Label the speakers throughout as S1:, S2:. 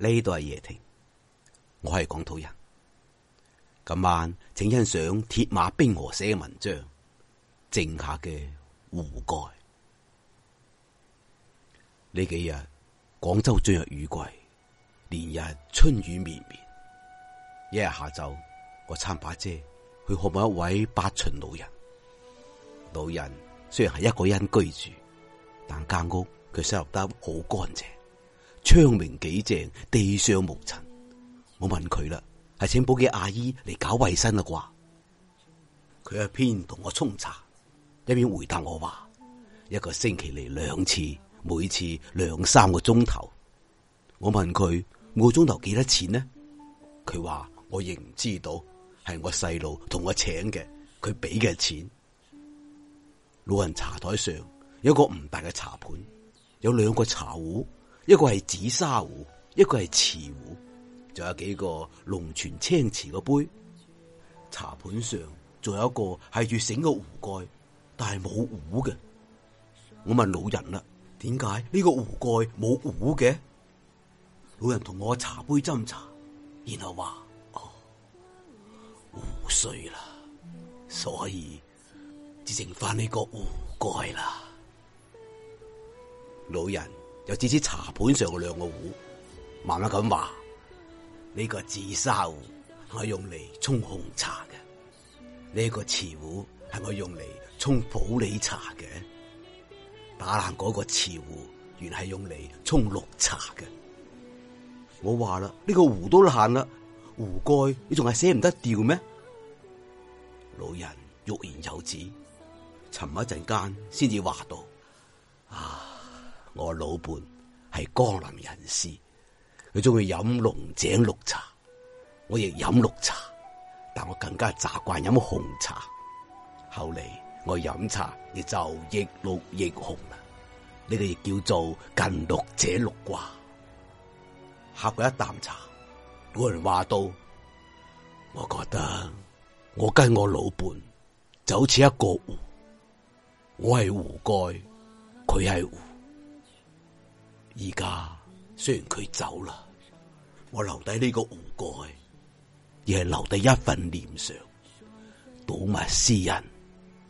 S1: 呢度係夜聽，我係廣土人。今晚請欣賞鐵馬冰河寫嘅文章《剩下嘅壺蓋》。呢幾日廣州進入雨季，連日春雨綿綿。一日下晝，我撐把遮去看望一位八旬老人。老人雖然係一個人居住，但間屋佢收拾得好乾淨。窗明幾淨，地上無塵。我問佢啦，係請保潔阿姨嚟搞衛生啊啩？佢一邊同我沖茶，一邊回答我話：一個星期嚟兩次，每次兩三個鐘頭。我問佢每個鐘頭幾多錢呢？佢話我亦唔知道，係我細路同我請嘅，佢俾嘅錢。老人茶台上有個唔大嘅茶盤，有兩個茶壺。一個係紫砂壺，一個係瓷壺，仲有幾個龍泉青瓷嘅杯。茶盤上仲有一個係住繩嘅壺蓋，但係冇壺嘅。我問老人啦，點解呢個壺蓋冇壺嘅？老人同我茶杯斟茶，然後話：哦，壺碎啦，所以只剩翻呢個壺蓋啦。老人。又指指茶盤上嘅兩個壺，慢慢咁話：呢個紫砂壺係用嚟沖紅茶嘅，呢個瓷壺係咪用嚟沖普洱茶嘅，打爛嗰個瓷壺原係用嚟沖綠茶嘅。我話啦，呢個壺都爛啦，壺蓋你仲係捨唔得掉咩？老人欲言又止，沉一陣間先至話到。我老伴係江南人士，佢中意飲龍井綠茶，我亦飲綠茶，但我更加習慣飲紅茶。後嚟我飲茶亦就亦綠亦紅啦，呢、這個亦叫做近綠者綠啩。喝過一啖茶，老人話到，我覺得我跟我老伴就好似一個壺，我係壺蓋，佢係壺。而家雖然佢走啦，我留低呢個壺蓋，亦係留低一份念想，睹物思人，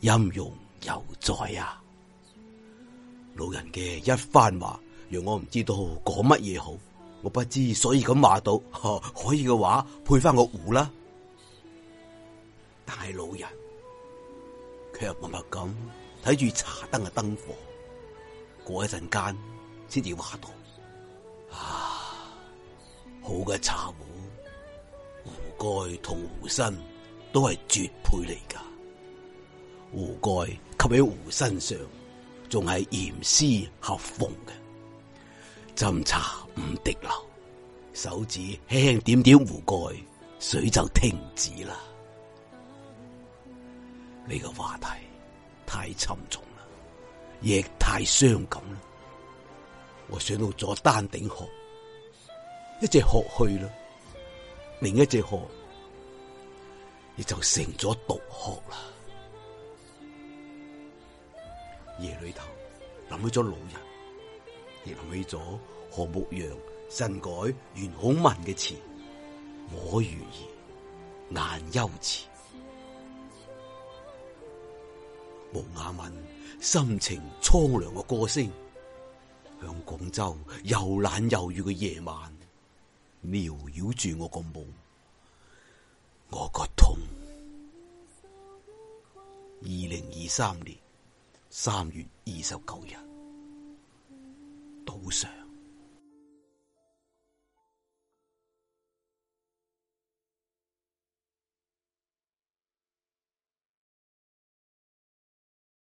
S1: 音容猶在啊！老人嘅一番話，讓我唔知道講乜嘢好，我不知所以咁話到，可可以嘅話配翻個壺啦。但係老人卻默默咁睇住茶燈嘅燈火，過一陣間。先至話到啊，好嘅茶壺壺蓋同壺身都係絕配嚟噶。壺蓋吸喺壺身上仲係嚴絲合縫嘅，斟茶唔滴流，手指輕輕點點壺蓋，水就停止啦。呢個話題太沉重啦，亦太傷感。我上到咗丹頂鶴，一隻鶴去啦，另一隻鶴，也就成咗獨鶴啦。夜裏頭諗起咗老人，亦諗起咗何牧羊、新改、袁孔文嘅詞，我如顏憂遲，王雅文心情蒼涼嘅歌聲。響廣州又冷又雨嘅夜晚，繚繞住我個夢，我個痛。二零二三年三月二十九日，島上。